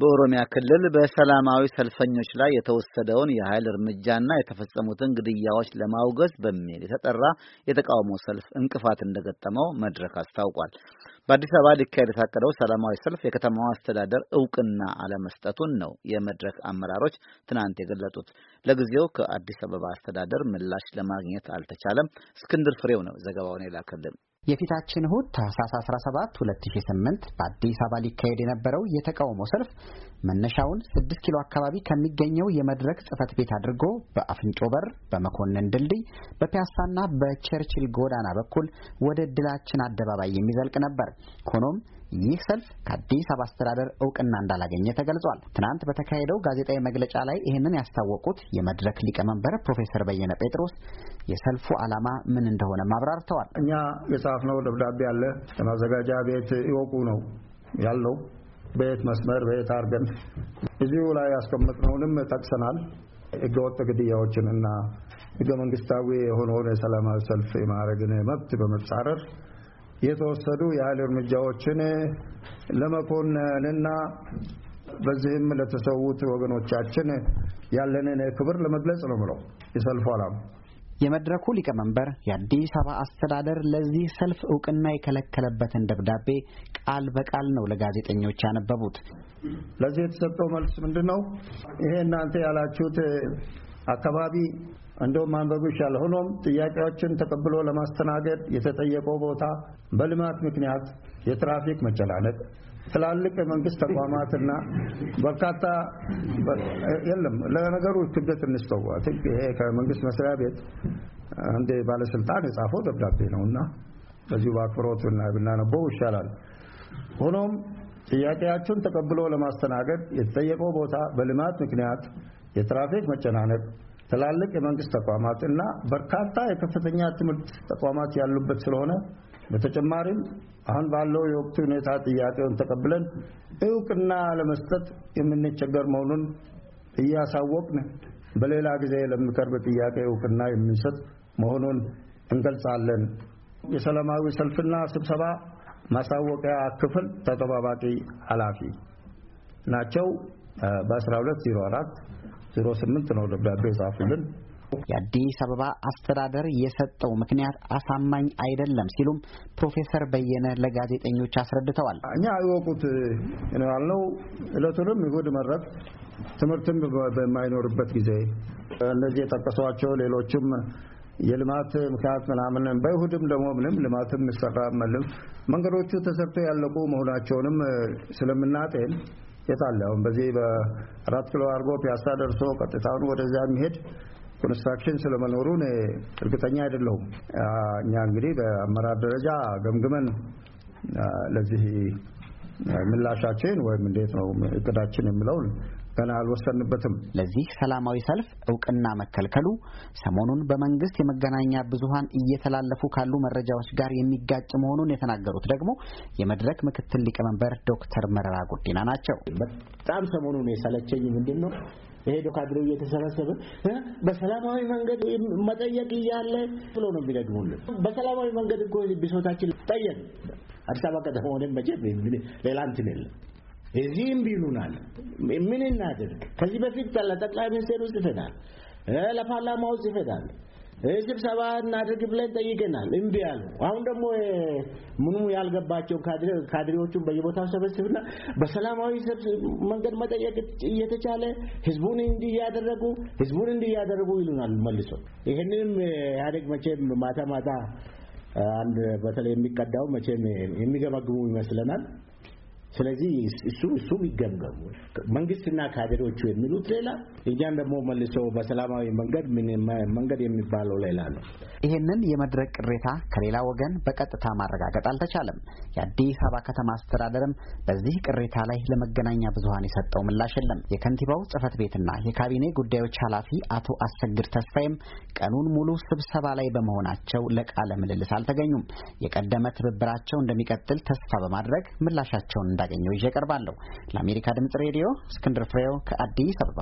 በኦሮሚያ ክልል በሰላማዊ ሰልፈኞች ላይ የተወሰደውን የኃይል እርምጃና የተፈጸሙትን ግድያዎች ለማውገዝ በሚል የተጠራ የተቃውሞ ሰልፍ እንቅፋት እንደገጠመው መድረክ አስታውቋል። በአዲስ አበባ ሊካሄድ የታቀደው ሰላማዊ ሰልፍ የከተማዋ አስተዳደር እውቅና አለመስጠቱን ነው የመድረክ አመራሮች ትናንት የገለጡት። ለጊዜው ከአዲስ አበባ አስተዳደር ምላሽ ለማግኘት አልተቻለም። እስክንድር ፍሬው ነው ዘገባውን የላከልን። የፊታችን እሁድ ታህሳስ 17 2008 በአዲስ አበባ ሊካሄድ የነበረው የተቃውሞ ሰልፍ መነሻውን 6 ኪሎ አካባቢ ከሚገኘው የመድረክ ጽፈት ቤት አድርጎ በአፍንጮ በር፣ በመኮንን ድልድይ፣ በፒያሳና በቸርችል ጎዳና በኩል ወደ ድላችን አደባባይ የሚዘልቅ ነበር። ሆኖም ይህ ሰልፍ ከአዲስ አበባ አስተዳደር እውቅና እንዳላገኘ ተገልጿል። ትናንት በተካሄደው ጋዜጣዊ መግለጫ ላይ ይህንን ያስታወቁት የመድረክ ሊቀመንበር ፕሮፌሰር በየነ ጴጥሮስ የሰልፉ ዓላማ ምን እንደሆነ አብራርተዋል። እኛ የጻፍነው ደብዳቤ አለ ለማዘጋጃ ቤት ይወቁ ነው ያለው በየት መስመር በየት አድርገን እዚሁ ላይ ያስቀመጥነውንም ጠቅሰናል። ህገወጥ ግድያዎችን እና ህገ መንግስታዊ የሆነውን የሰላማዊ ሰልፍ የማድረግን መብት በመጻረር የተወሰዱ የኃይል እርምጃዎችን ለመኮንንና በዚህም ለተሰዉት ወገኖቻችን ያለንን ክብር ለመግለጽ ነው ምለው የሰልፉ ዓላማ የመድረኩ ሊቀመንበር የአዲስ አበባ አስተዳደር ለዚህ ሰልፍ እውቅና የከለከለበትን ደብዳቤ ቃል በቃል ነው ለጋዜጠኞች ያነበቡት። ለዚህ የተሰጠው መልስ ምንድን ነው? ይሄ እናንተ ያላችሁት አካባቢ እንደውም ማንበቡ ይሻላል። ሆኖም ጥያቄዎችን ተቀብሎ ለማስተናገድ የተጠየቀው ቦታ በልማት ምክንያት የትራፊክ መጨናነቅ፣ ትላልቅ የመንግስት ተቋማትና በርካታ የለም። ለነገሩ ክብደት እንስተው ይሄ ከመንግስት መስሪያ ቤት አንድ ባለስልጣን የጻፈው ደብዳቤ ነው እና በዚሁ በአክብሮት ብናነበው ይሻላል። ሆኖም ጥያቄያቸውን ተቀብሎ ለማስተናገድ የተጠየቀው ቦታ በልማት ምክንያት የትራፊክ መጨናነቅ፣ ትላልቅ የመንግስት ተቋማት እና በርካታ የከፍተኛ ትምህርት ተቋማት ያሉበት ስለሆነ በተጨማሪም አሁን ባለው የወቅቱ ሁኔታ ጥያቄውን ተቀብለን እውቅና ለመስጠት የምንቸገር መሆኑን እያሳወቅን በሌላ ጊዜ ለሚቀርብ ጥያቄ እውቅና የምንሰጥ መሆኑን እንገልጻለን። የሰላማዊ ሰልፍና ስብሰባ ማሳወቂያ ክፍል ተጠባባቂ ኃላፊ ናቸው። በ1204 08 ነው ደብዳቤው ጻፉልን። የአዲስ አበባ አስተዳደር የሰጠው ምክንያት አሳማኝ አይደለም ሲሉም ፕሮፌሰር በየነ ለጋዜጠኞች አስረድተዋል። እኛ አይወቁት ያልነው እለቱንም እሑድ መረጥ ትምህርትም በማይኖርበት ጊዜ እነዚህ የጠቀሷቸው ሌሎችም የልማት ምክንያት ምናምን በይሁድም ደግሞ ምንም ልማትም ይሰራ መልም መንገዶቹ ተሰርተው ያለቁ መሆናቸውንም ስለምናጤን የት አለ? አሁን በዚህ በአራት ኪሎ አድርጎ ፒያሳ ደርሶ ቀጥታውን ወደዚያ የሚሄድ ኮንስትራክሽን ስለመኖሩ እኔ እርግጠኛ አይደለሁም። እኛ እንግዲህ በአመራር ደረጃ ገምግመን ለዚህ ምላሻችን ወይም እንዴት ነው እቅዳችን የምለውን ገና አልወሰንበትም። ለዚህ ሰላማዊ ሰልፍ እውቅና መከልከሉ ሰሞኑን በመንግስት የመገናኛ ብዙኃን እየተላለፉ ካሉ መረጃዎች ጋር የሚጋጭ መሆኑን የተናገሩት ደግሞ የመድረክ ምክትል ሊቀመንበር ዶክተር መረራ ጉዲና ናቸው። በጣም ሰሞኑን የሰለቸኝ ምንድን ነው የሄዶ ካድሬው እየተሰበሰበ በሰላማዊ መንገድ መጠየቅ እያለ ብሎ ነው የሚደግሙልን። በሰላማዊ መንገድ እኮ ብሶታችን ጠየቅ አዲስ አበባ ከተማ ሆነን መቼም ሌላ እንትን የለም። እዚህም ቢሉናል ምን እናድርግ? ከዚህ በፊት ለጠቅላይ ሚኒስቴር ውስጥ ይፈዳል፣ ለፓርላማ ውስጥ ይፈዳል፣ ስብሰባ እናድርግ ብለን ጠይቀናል፣ እምቢ አሉ። አሁን ደግሞ ምኑ ያልገባቸው ካድሬዎቹን በየቦታው ሰበስብና በሰላማዊ መንገድ መጠየቅ እየተቻለ ህዝቡን እንዲህ እያደረጉ ህዝቡን እንዲህ እያደረጉ ይሉናል መልሶ። ይህንንም ኢህአዴግ መቼም ማታ ማታ አንድ በተለይ የሚቀዳው መቼም የሚገመግሙ ይመስለናል። ስለዚህ እሱ እሱም ይገምገሙ። መንግስትና ካድሬዎቹ የሚሉት ሌላ፣ እኛን ደግሞ መልሶ በሰላማዊ መንገድ መንገድ የሚባለው ሌላ ነው። ይህንን የመድረክ ቅሬታ ከሌላ ወገን በቀጥታ ማረጋገጥ አልተቻለም። የአዲስ አበባ ከተማ አስተዳደርም በዚህ ቅሬታ ላይ ለመገናኛ ብዙኃን የሰጠው ምላሽ የለም። የከንቲባው ጽህፈት ቤትና የካቢኔ ጉዳዮች ኃላፊ አቶ አሰግድ ተስፋዬም ቀኑን ሙሉ ስብሰባ ላይ በመሆናቸው ለቃለ ምልልስ አልተገኙም። የቀደመ ትብብራቸው እንደሚቀጥል ተስፋ በማድረግ ምላሻቸውን እንዳገኘው ይዤ ቀርባለሁ። ለአሜሪካ ድምጽ ሬዲዮ እስክንድር ፍሬው ከአዲስ አበባ